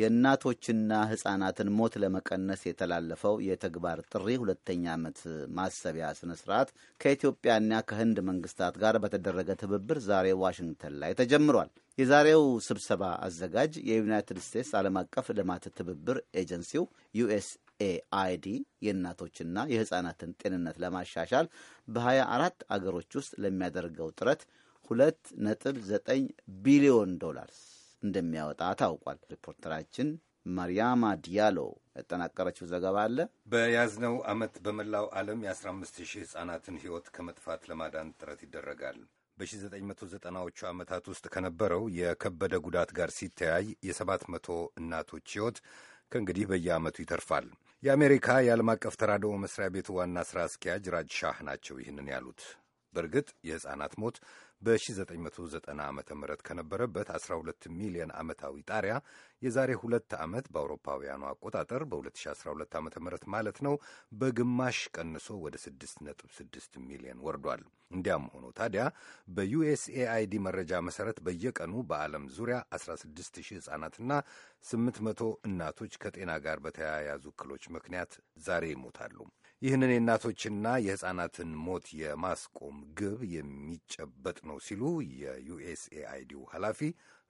የእናቶችና ሕፃናትን ሞት ለመቀነስ የተላለፈው የተግባር ጥሪ ሁለተኛ ዓመት ማሰቢያ ስነ ስርዓት ከኢትዮጵያና ከህንድ መንግስታት ጋር በተደረገ ትብብር ዛሬ ዋሽንግተን ላይ ተጀምሯል። የዛሬው ስብሰባ አዘጋጅ የዩናይትድ ስቴትስ ዓለም አቀፍ ልማት ትብብር ኤጀንሲው ዩኤስ ኤአይዲ የእናቶችና የሕፃናትን ጤንነት ለማሻሻል በ24 አገሮች ውስጥ ለሚያደርገው ጥረት ሁለት ነጥብ ዘጠኝ ቢሊዮን ዶላርስ እንደሚያወጣ ታውቋል። ሪፖርተራችን ማርያማ ዲያሎ ያጠናቀረችው ዘገባ አለ። በያዝነው ዓመት በመላው ዓለም የ15 ሺህ ሕፃናትን ሕይወት ከመጥፋት ለማዳን ጥረት ይደረጋል። በ1990ዎቹ ዓመታት ውስጥ ከነበረው የከበደ ጉዳት ጋር ሲተያይ የ700 እናቶች ሕይወት ከእንግዲህ በየዓመቱ ይተርፋል። የአሜሪካ የዓለም አቀፍ ተራድኦ መስሪያ ቤቱ ዋና ሥራ አስኪያጅ ራጅ ሻህ ናቸው ይህንን ያሉት። በእርግጥ የሕፃናት ሞት በ1990 ዓ ም ከነበረበት 12 ሚሊዮን ዓመታዊ ጣሪያ የዛሬ ሁለት ዓመት በአውሮፓውያኑ አቆጣጠር በ2012 ዓ ም ማለት ነው በግማሽ ቀንሶ ወደ 6.6 ሚሊዮን ወርዷል። እንዲያም ሆኖ ታዲያ በዩኤስኤአይዲ መረጃ መሠረት በየቀኑ በዓለም ዙሪያ 16 ሺህ ሕፃናትና 800 እናቶች ከጤና ጋር በተያያዙ እክሎች ምክንያት ዛሬ ይሞታሉ። ይህንን የእናቶችና የሕፃናትን ሞት የማስቆም ግብ የሚጨበጥ ነው ሲሉ የዩኤስኤአይዲው ኃላፊ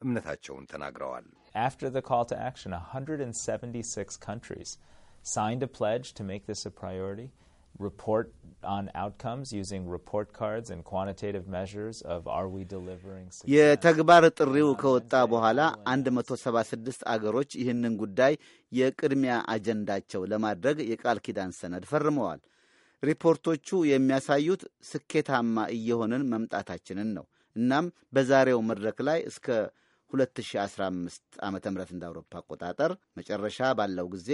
እምነታቸውን ተናግረዋል። After the call to action, 176 countries signed a pledge to make this a priority. report የተግባር ጥሪው ከወጣ በኋላ 176 አገሮች ይህንን ጉዳይ የቅድሚያ አጀንዳቸው ለማድረግ የቃል ኪዳን ሰነድ ፈርመዋል። ሪፖርቶቹ የሚያሳዩት ስኬታማ እየሆንን መምጣታችንን ነው። እናም በዛሬው መድረክ ላይ እስከ 2015 ዓ ም እንደ አውሮፓ አቆጣጠር መጨረሻ ባለው ጊዜ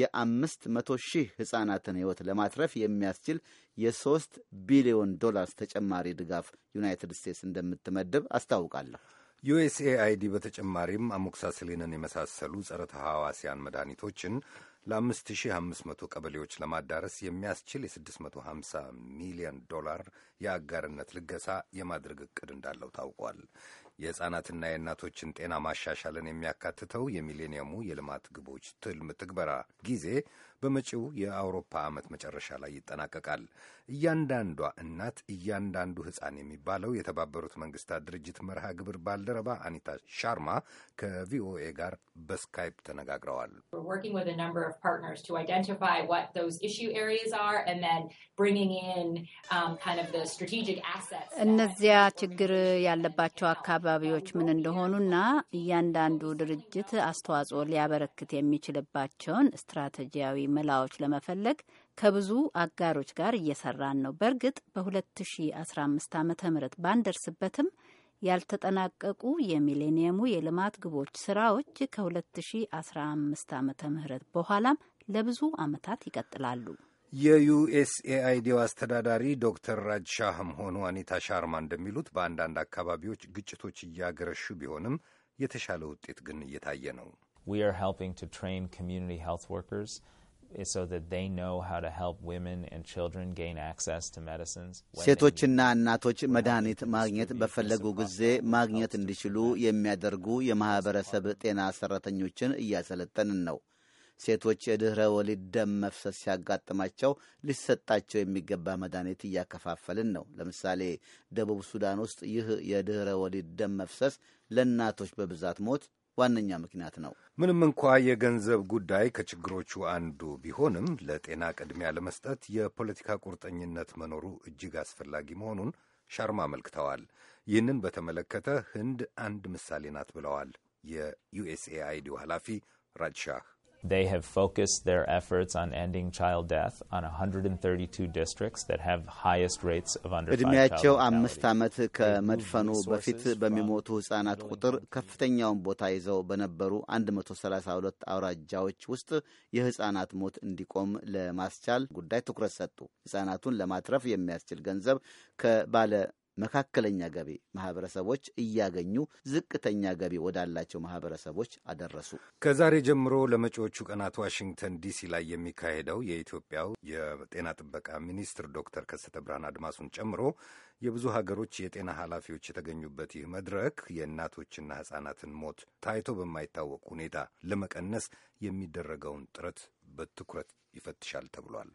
የአምስት መቶ ሺህ ሕፃናትን ሕይወት ለማትረፍ የሚያስችል የሶስት ቢሊዮን ዶላርስ ተጨማሪ ድጋፍ ዩናይትድ ስቴትስ እንደምትመድብ አስታውቃለሁ። ዩኤስኤአይዲ በተጨማሪም አሞክሳስሊንን የመሳሰሉ ጸረ ተሐዋስያን መድኃኒቶችን ለ5500 ቀበሌዎች ለማዳረስ የሚያስችል የ650 ሚሊዮን ዶላር የአጋርነት ልገሳ የማድረግ እቅድ እንዳለው ታውቋል። የሕፃናትና የእናቶችን ጤና ማሻሻልን የሚያካትተው የሚሌኒየሙ የልማት ግቦች ትልም ትግበራ ጊዜ በመጪው የአውሮፓ ዓመት መጨረሻ ላይ ይጠናቀቃል። እያንዳንዷ እናት እያንዳንዱ ሕፃን የሚባለው የተባበሩት መንግስታት ድርጅት መርሃ ግብር ባልደረባ አኒታ ሻርማ ከቪኦኤ ጋር በስካይፕ ተነጋግረዋል። um, እነዚያ ችግር ያለባቸው አካባቢ አካባቢዎች ምን እንደሆኑና እያንዳንዱ ድርጅት አስተዋጽኦ ሊያበረክት የሚችልባቸውን ስትራቴጂያዊ መላዎች ለመፈለግ ከብዙ አጋሮች ጋር እየሰራን ነው። በእርግጥ በ2015 ዓ ም ባንደርስበትም ያልተጠናቀቁ የሚሌኒየሙ የልማት ግቦች ስራዎች ከ2015 ዓ ም በኋላም ለብዙ ዓመታት ይቀጥላሉ። የዩኤስኤአይዲው አስተዳዳሪ ዶክተር ራጅ ሻህም ሆኑ አኒታ ሻርማ እንደሚሉት በአንዳንድ አካባቢዎች ግጭቶች እያገረሹ ቢሆንም የተሻለ ውጤት ግን እየታየ ነው። ሴቶችና እናቶች መድኃኒት ማግኘት በፈለጉ ጊዜ ማግኘት እንዲችሉ የሚያደርጉ የማኅበረሰብ ጤና ሠራተኞችን እያሰለጠንን ነው። ሴቶች የድኅረ ወሊድ ደም መፍሰስ ሲያጋጥማቸው ሊሰጣቸው የሚገባ መድኃኒት እያከፋፈልን ነው። ለምሳሌ ደቡብ ሱዳን ውስጥ ይህ የድኅረ ወሊድ ደም መፍሰስ ለእናቶች በብዛት ሞት ዋነኛ ምክንያት ነው። ምንም እንኳ የገንዘብ ጉዳይ ከችግሮቹ አንዱ ቢሆንም ለጤና ቅድሚያ ለመስጠት የፖለቲካ ቁርጠኝነት መኖሩ እጅግ አስፈላጊ መሆኑን ሻርማ አመልክተዋል። ይህንን በተመለከተ ህንድ አንድ ምሳሌ ናት ብለዋል የዩኤስኤአይዲው ኃላፊ ራጅሻህ They have focused their efforts on ending child death on 132 districts that have highest rates of under እድሜያቸው አምስት ዓመት ከመድፈኑ በፊት በሚሞቱ ሕፃናት ቁጥር ከፍተኛውን ቦታ ይዘው በነበሩ 132 አውራጃዎች ውስጥ የሕፃናት ሞት እንዲቆም ለማስቻል ጉዳይ ትኩረት ሰጡ። ሕፃናቱን ለማትረፍ የሚያስችል ገንዘብ ከባለ መካከለኛ ገቢ ማህበረሰቦች እያገኙ ዝቅተኛ ገቢ ወዳላቸው ማህበረሰቦች አደረሱ። ከዛሬ ጀምሮ ለመጪዎቹ ቀናት ዋሽንግተን ዲሲ ላይ የሚካሄደው የኢትዮጵያው የጤና ጥበቃ ሚኒስትር ዶክተር ከሰተ ብርሃን አድማሱን ጨምሮ የብዙ ሀገሮች የጤና ኃላፊዎች የተገኙበት ይህ መድረክ የእናቶችና ህጻናትን ሞት ታይቶ በማይታወቅ ሁኔታ ለመቀነስ የሚደረገውን ጥረት በትኩረት ይፈትሻል ተብሏል።